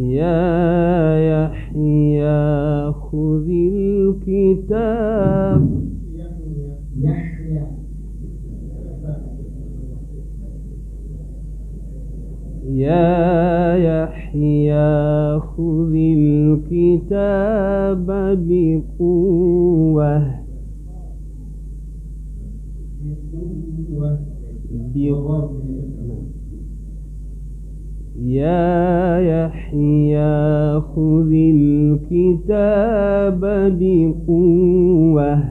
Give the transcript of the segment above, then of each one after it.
يا يحيى خذ الكتاب يا يحيى خذ الكتاب بقوة بقوة يا يحيى خذ الكتاب بقوة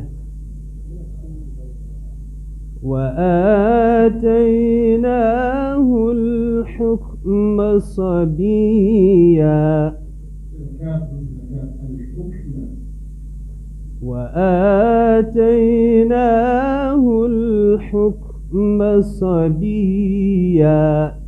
وآتيناه الحكم صبيا وآتيناه الحكم صبيا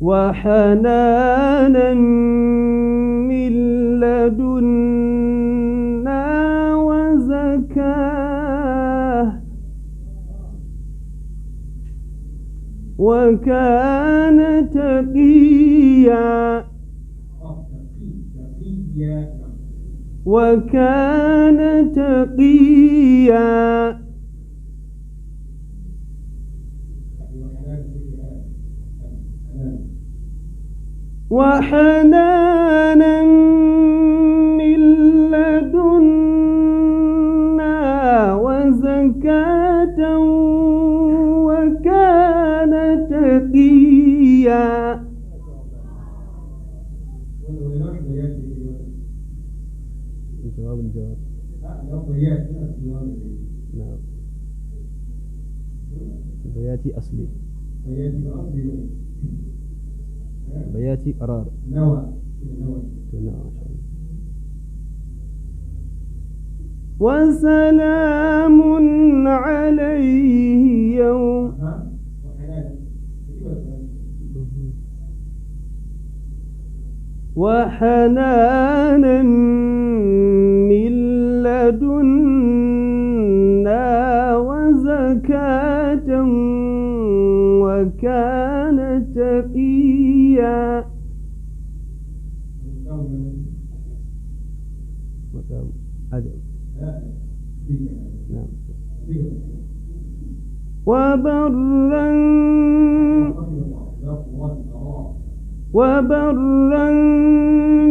وحنانا من لدنا وزكاه وكان تقيا وكان تقيا وحنانا من لدنا وزكاة وكان تقيا جواب الجواب نعم بياتي أصلي بياتي أصلي بياتي قرار نوى نوى وسلام عليه يوم وحنانا من لدنا وزكاة وكان تقيا مقام نعم وبرا وبرا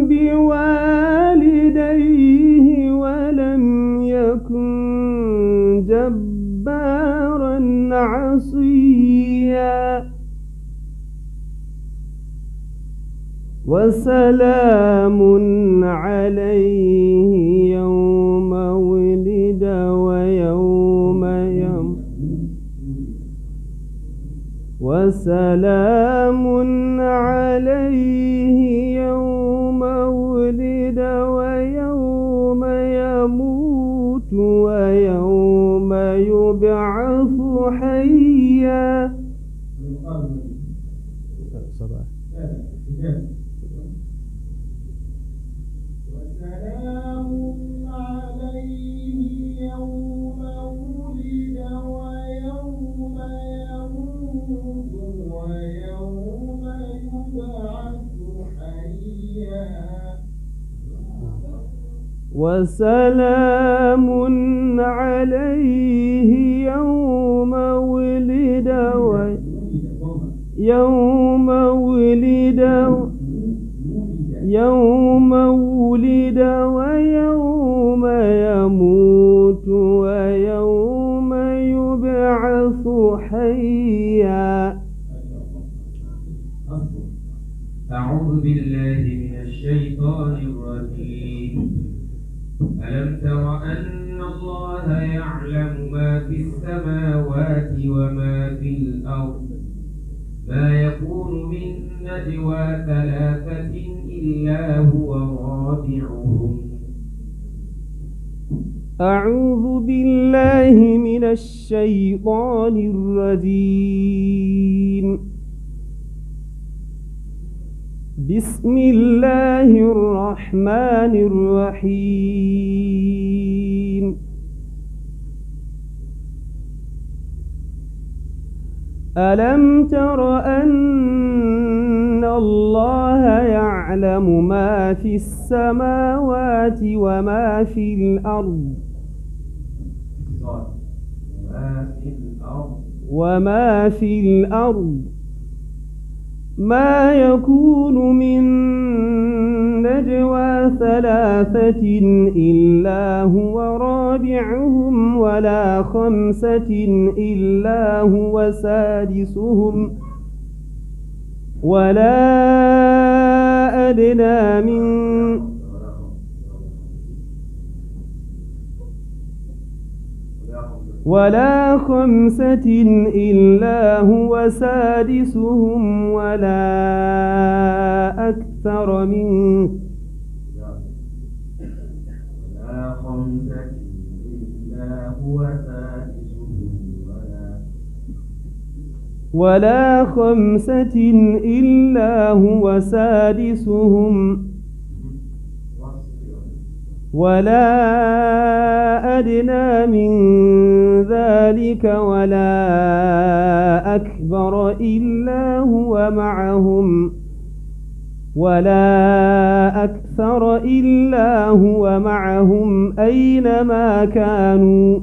بوالديه ولم يكن جبارا عصيا وسلام عليه يوم ولد ويوم يم وسلام عليه يوم ولد ويوم يموت ويوم يبعث وسلام عليه يوم ولد ويوم يموت ويوم وسلام عليه يوم ولد ويوم يوم ولد يوم ولد ويوم يموت ويوم يبعث حيا أعوذ بالله من الشيطان الرجيم ألم تر أن الله يعلم ما في السماوات وما في الأرض ما يكون من نجوى ثلاثة إلا هو رابعهم أعوذ بالله من الشيطان الرجيم بسم الله الرحمن الرحيم ألم تر أن الله يعلم ما في السماوات وما في الأرض وما في الأرض ما يكون من ثلاثة إلا هو رابعهم ولا خمسة إلا هو سادسهم ولا أدنى من ولا خمسة إلا هو سادسهم ولا أكثر من ولا خمسة إلا هو سادسهم ولا ولا إلا هو ولا أدنى من ذلك ولا أكبر إلا هو معهم ولا أكثر إلا هو معهم أينما كانوا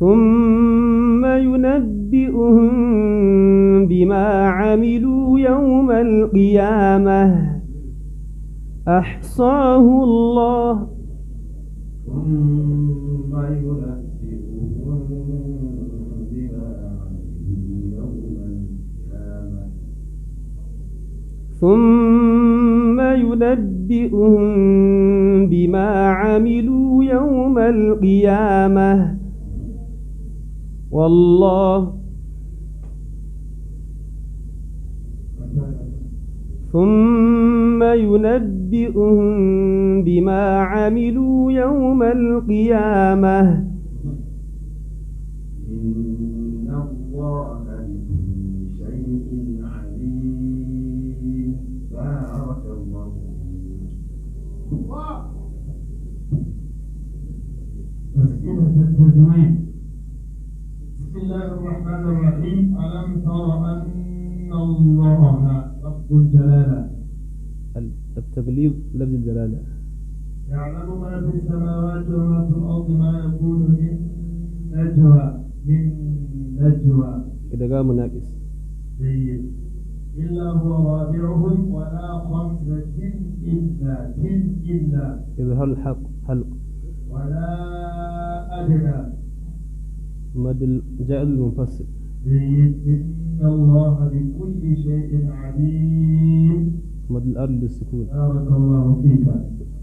ثم ينبئهم بما عملوا يوم القيامة أحصاه الله ثم ينبئهم ثم ينبئهم بما عملوا يوم القيامة والله ثم ينبئهم بما عملوا يوم القيامة ترجمان بسم الله الرحمن الرحيم ألم تر أن الله رب الجلالة التبليغ لفظ الجلالة يعلم ما في السماوات وما في الأرض ما يكون من نجوى من نجوى كده قام ناقص جيد إلا هو رابعهم ولا خمسة إلا جن إلا إظهار الحق حلق ولا أدنى مد جاء المنفصل جيد إن الله بكل شيء عليم مد الأرض للسكون بارك الله فيك